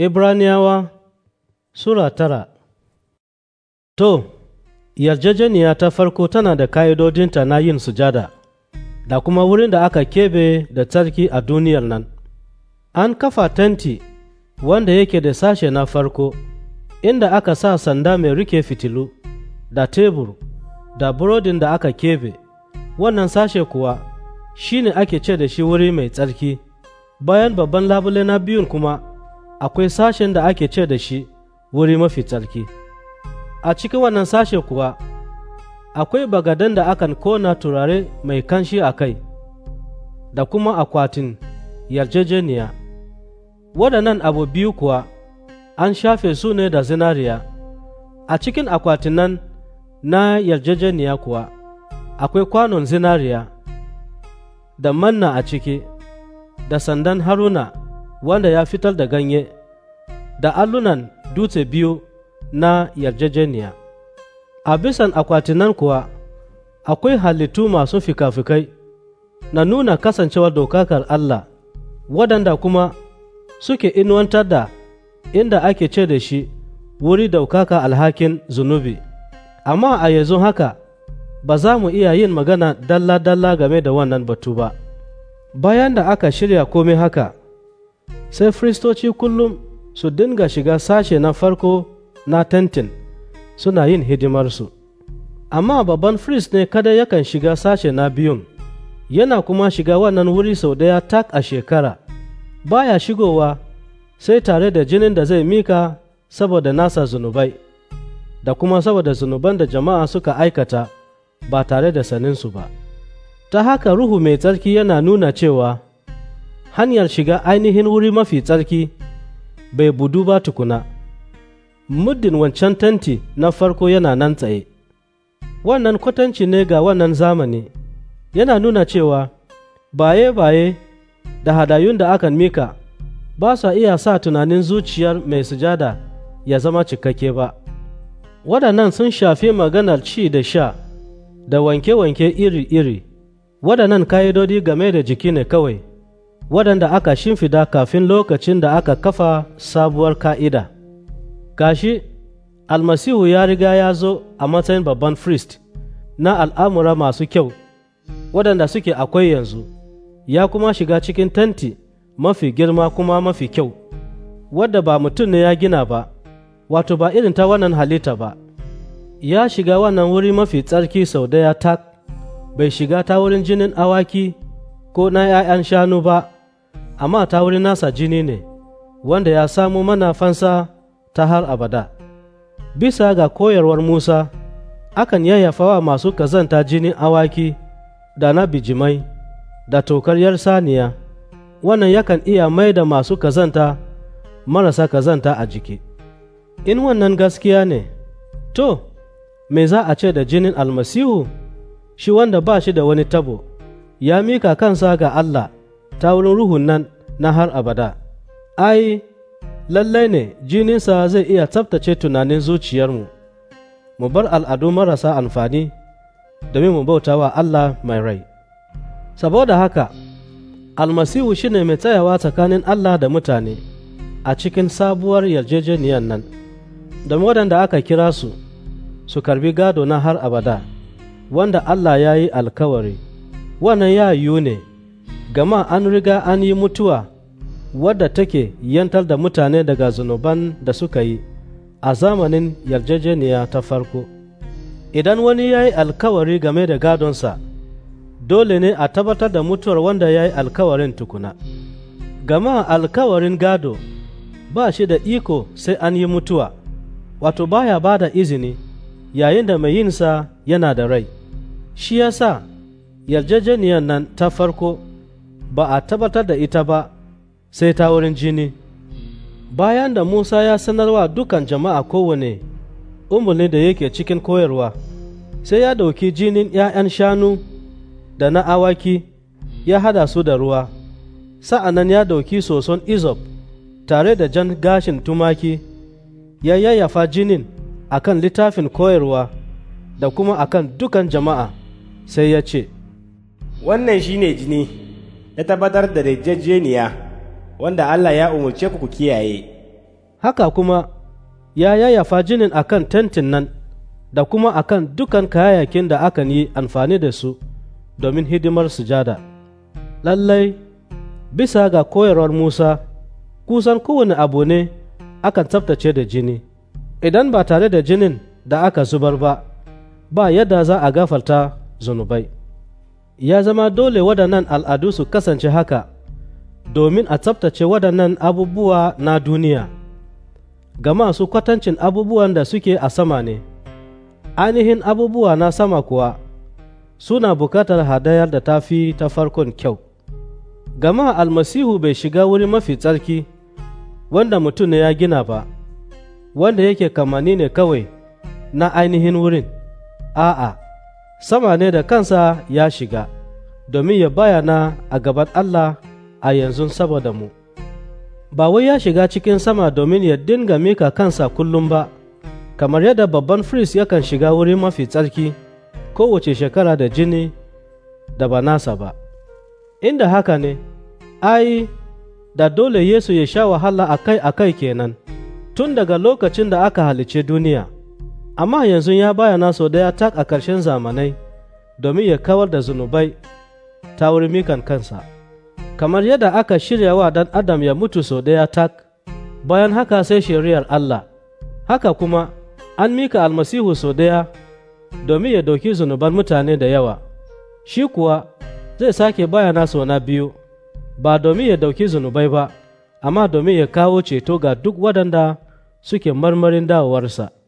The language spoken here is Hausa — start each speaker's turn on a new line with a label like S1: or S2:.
S1: Ibraniyawa Sura tara To, yarjejeniya ta farko tana da ka'idodinta na yin sujada, da kuma wurin da aka kebe da tsarki a duniyar nan. An kafa tenti wanda yake da sashe na farko, inda aka sa sanda mai rike fitilu, da tebur, da burodin da aka kebe, wannan sashe kuwa shine ne ake ce da shi wuri mai tsarki, bayan babban labule na biyun kuma. akwai sashen da ake ce da shi wuri mafi tsarki a cikin wannan sashe kuwa akwai bagadan da akan kona turare mai kanshi a kai da kuma akwatin yarjejeniya waɗannan abu biyu kuwa an shafe su ne da zinariya a cikin akwatin nan na yarjejeniya kuwa akwai kwanon zinariya da manna a ciki da sandan haruna wanda ya fitar da ganye da allunan dutse biyu na yarjejeniya a bisan akwatinan kuwa akwai halittu masu fikafikai na nuna kasancewar dokakar Allah waɗanda kuma suke inuwantar da inda ake ce da shi wuri daukaka alhakin zunubi amma a yanzu haka ba za mu iya yin magana dalla-dalla game da wannan batu ba bayan da aka shirya komai haka sai firistoci kullum su dinga shiga sashe na farko na tentin suna yin hidimarsu amma babban firist ne kada yakan shiga sashe na biyun yana kuma shiga wannan wuri sau daya tak a shekara baya shigowa sai tare da jinin da zai mika saboda nasa zunubai da kuma saboda zunuban da jama'a suka aikata ba tare da saninsu ba ta haka ruhu mai tsarki yana nuna cewa hanyar shiga ainihin wuri mafi tsarki bai budu ba tukuna muddin wancan tenti na farko yana nan tsaye wannan kwatanci ne ga wannan zamani yana nuna cewa baye-baye da hadayun da akan mika ba sa iya sa tunanin zuciyar mai sujada ya zama cikakke ba waɗannan sun shafi maganar ci da sha da wanke-wanke iri-iri waɗannan ka'idodi game da jiki ne kawai waɗanda aka shimfida kafin lokacin da aka kafa sabuwar ka'ida. Gashi, almasihu ya riga ya zo a matsayin babban frist na al'amura masu kyau waɗanda suke akwai yanzu, ya kuma shiga cikin tanti mafi girma kuma mafi kyau, wadda ba mutum ne ya gina ba, wato ba irin ta wannan halitta ba. Ya shiga wannan wuri mafi tsarki sau daya tak, bai shiga ta wurin jinin awaki ko na ‘ya'yan shanu ba. amma ta wurin nasa jini ne wanda ya samo mana fansa ta har abada bisa ga koyarwar musa akan yayyafa wa masu kazanta jinin awaki da na bijimai da tokar yar saniya wannan yakan iya mai da masu kazanta marasa kazanta a jiki in wannan gaskiya ne to me za a ce da jinin almasihu shi wanda ba shi da wani tabo ya mika kansa ga allah ta wurin ruhun nan na har abada ai lallai ne jininsa zai iya tsabtace tunanin zuciyarmu mu bar al'adu marasa amfani domin mu bauta wa Allah mai rai saboda haka almasihu shine mai tsayawa tsakanin Allah da mutane a cikin sabuwar yarjejeniyar nan domin waɗanda aka kira su su karbi gado na har abada wanda Allah ya yi alkawari wannan ya yiwu ne gama an riga an yi mutuwa wadda take yantar da mutane daga zunuban da suka yi a zamanin yarjejeniya ta farko idan wani ya yi alkawari game da gadonsa dole ne a tabbatar da mutuwar wanda ya yi alkawarin tukuna gama alkawarin gado ba shi da iko sai an yi mutuwa wato baya ba da izini yayin da mai yinsa yana da rai shi yasa yarjejeniyar nan ta farko ba a tabbatar da ita ba sai ta wurin jini bayan da musa ya sanarwa dukan jama'a kowane umarni da yake cikin koyarwa sai ya ɗauki jinin 'ya'yan shanu da na awaki ya hada su da ruwa sa'annan ya ɗauki soson izop tare da jan gashin tumaki ya yayyafa jinin akan littafin koyarwa da kuma akan dukan jama'a sai ya ce wannan shine jini ya tabbatar da rejejeniya wanda Allah ya umarce ku kiyaye. Haka kuma ya yayyafa jinin akan tentin nan da kuma akan dukan kayayyakin da akan yi amfani da su domin hidimar sujada. Lallai, bisa ga koyarwar Musa, kusan kowane abu ne akan tsaftace da jini. Idan ba tare da jinin da aka zubar ba, ba yadda za a gafarta zunubai. ya zama dole waɗannan al'adu su kasance haka domin a tsabtace waɗannan abubuwa na duniya gama su kwatancin abubuwan da suke a sama ne ainihin abubuwa na sama kuwa suna bukatar hadayar da ta fi ta farkon kyau gama almasihu bai shiga wuri mafi tsarki wanda mutum ne ya gina ba wanda yake kamani ne kawai na ainihin wurin a'a sama ne da kansa ya shiga domin ya bayana a gaban Allah a yanzu saboda mu. Ba wai ya shiga cikin sama domin ya dinga mika kansa kullum ba, kamar yadda babban firist yakan shiga wuri mafi tsarki kowace shekara da jini da ba nasa ba. Inda haka ne, ai, da dole Yesu ya sha wahala akai-akai kenan, tun daga lokacin da aka halice duniya. amma yanzu ya bayana sau daya tak a ƙarshen zamanai domin ya kawar da zunubai ta wurin mikan kansa kamar yadda aka shirya wa dan adam ya mutu sau daya tak bayan haka sai shari'ar Allah haka kuma an mika almasihu sau daya domin ya dauki zunuban mutane da yawa shi kuwa zai sake bayana naso na biyu ba domin ya dauki zunubai ba amma domin ya kawo ceto ga duk waɗanda suke marmarin dawowarsa.